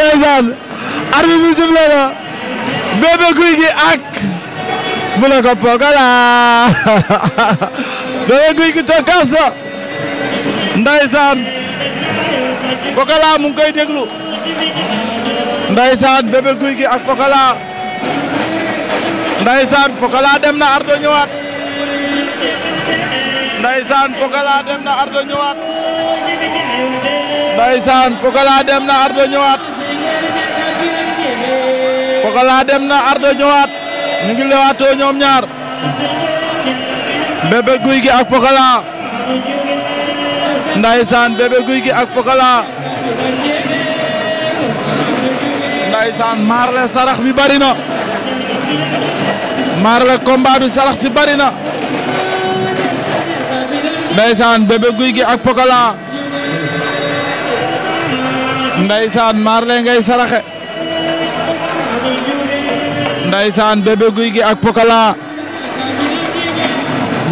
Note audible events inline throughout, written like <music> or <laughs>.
ndeysaan arbi bi sifflé na Bébé Gouy Gui ak mu ne ko Pokola <laughs> Bébé Gouy Gui tokkas na ndeysaan mu ngi koy déglu ndeysaan Bébé Gouy Gui ak Pokola ndeysaan Pokola dem na Ardo ñëwaat ndeysaan Pokola dem na Ardo ñëwaat Pokola dem na Ardo ñëwaat ñu ngi ñaar Bébé Gouy Gui ak Pokola ndaysaan Bébé Gouy Gui ak sarax bi bari na marle combat sarax si bari na ndaysaan Bébé Gouy ak Pokola ndaysaan ngay saraxe Ndeysaan bébé guy gi ak Pokola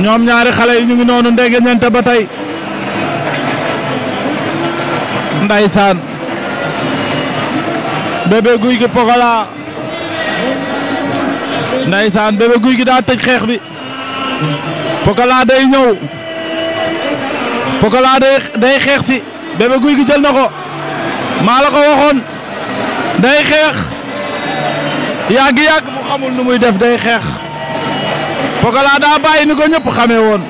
ñoom ñaari xale yi ñu ngi noonu ndege ñeente ba tey Ndeysaan bébé guy gi Pokola Ndeysaan bébé guy gi daa tëj xeex bi Pokola day ñëw Pokola day xeex si bébé guy gi jël na ko maa la waxoon day xeex yàgg yàgg xamul nu muy def day xeex Pokola daa bàyyi ni ko ñëpp xamee woon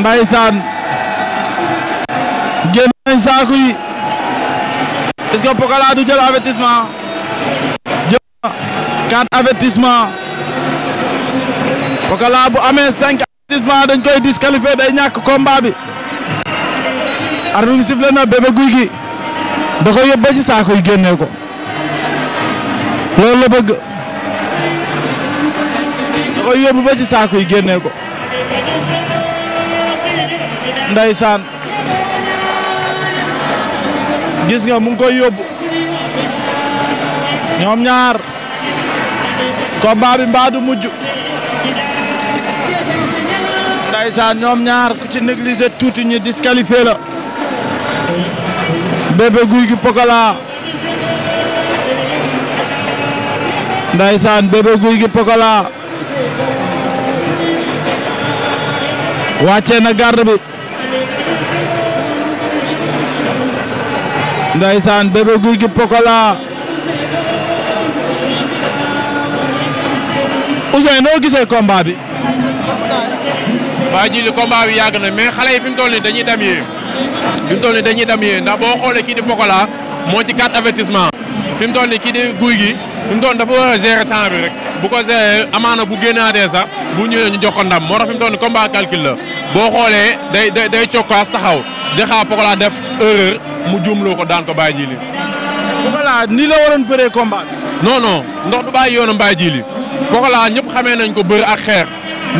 ndeysaan génn nañ saaku yi est-ce que Pokola du jël avertissement jël quatre avertissement Pokola bu amee cinq avertissement dañ koy disqualifié day ñàkk combat bi arbitre bi sifflé guy gi Gouy Gui da ko yóbbu ba saaku yi génnee ko loolu la bëgg da yóbbu ba ci saako yi génnee ko ndeysaan gis nga mu ngi koy yóbbu ñoom ñaar combat bi mbaa mujj ndeysaan ñoom ñaar ku ci négligé tuuti ñu disqualifié la bébé guy gi pokala ndaysaan bébé guy gi pokola wàccee na gàrd bi ndaysaan bébé guy gi pokola Ouzin noo gisee combat bi baa ji li bi yàgg na mais xale yi fi mu toll nii dañuy dem yee fi toll nii dañuy dem yee ndax boo xoolee kii di pokola moo ci quatre avertissement fi mu toll nii kii di guy gi ñu mu toon dafa war a gérer temps rek bu ko gérer amaana bu génnaatee sax bu ñëwee ñu jox ko ndam moo tax fi mu toon combat calcul la boo xoolee day day day cokkaas taxaw di xaar Pokola def erreur mu juumloo ko daan ko bàyyi ji li. Pokola nii la waroon bëree combat non non ndox du bàyyi yoonu bàyyi ji li Pokola ñëpp xamee nañ ko bëri ak xeex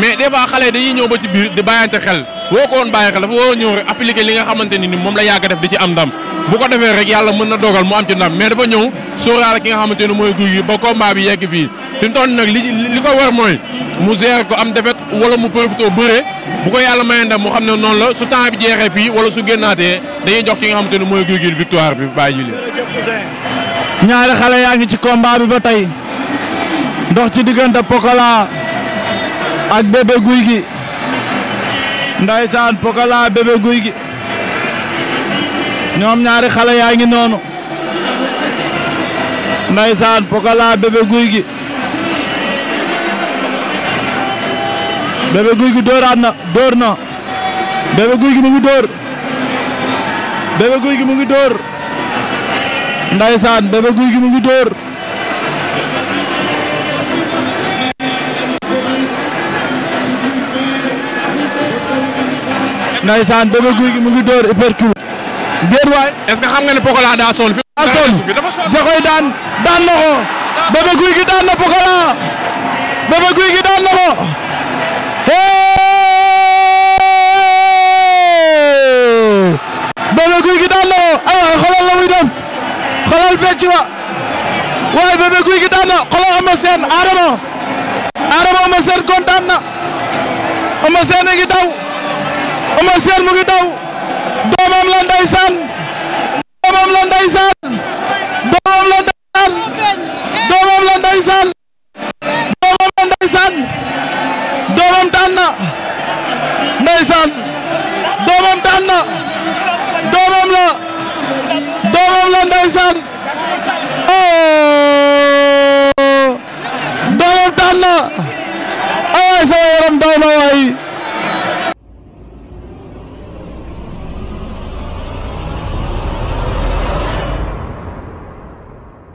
mais des fois xale dañuy ñëw ba ci biir di bàyyante xel woo ko woon bàyyi xel dafa war a ñëw rek appliquer li nga xamante ni moom la yàgg def di ci am ndam bu ko defee rek yàlla mën na dogal mu am ci mais dafa ñëw. sóoraale ki nga xamante ne mooy guy gi ba combat bi yegg fii fi mu nag li li ko war mooy mu gérer ko am defet wala mu profité bëre bu ko yàlla may ndam mu xam ne noonu la su temps bi jeexee fii wala su génnaatee dañuy jox ki nga xamante ne mooy guy gi victoire bi bàyyi ji leen. ñaari xale yaa ngi ci combat bi ba tey ndox ci diggante Pokola ak bébé guy gi ndaysaan Pokola bébé guy gi ñoom ñaari xale yaa ngi noonu. Ndeysaan Pokola Bébé guy gi Bébé Gouy Gui dóoraat na dóor na Bébé Gouy Gui mu ngi dóor Bébé Gouy Gui mu ngi dóor Ndeysaan Bébé Gouy Gui mu ngi dóor Ndeysaan Bébé guy gi mu ngi dóor hypercule déet waay est-ce que xam koy daan daan na ko. Bébé Gouy daan na Pokola. Bébé Gouy Gui daan na ko. Bébé Gouy Gui daan na ko aywa ah, la muy def xoolal fecc wa waaye Bébé Gouy daan na xoolal Eumeu Adama Adama Eumeu Sène kontaan na Eumeu Sène daw Eumeu mu ngi daw. doomam la ndeysaan doomam la ndeysaan doomam la ndeysaan doomam la ndeysaan doomam la ndeysaan doomam daan na ndeysaan doomam daan na doomam la doomam la ndeysaan oh. doomam daan na ay sa yaram daw na waay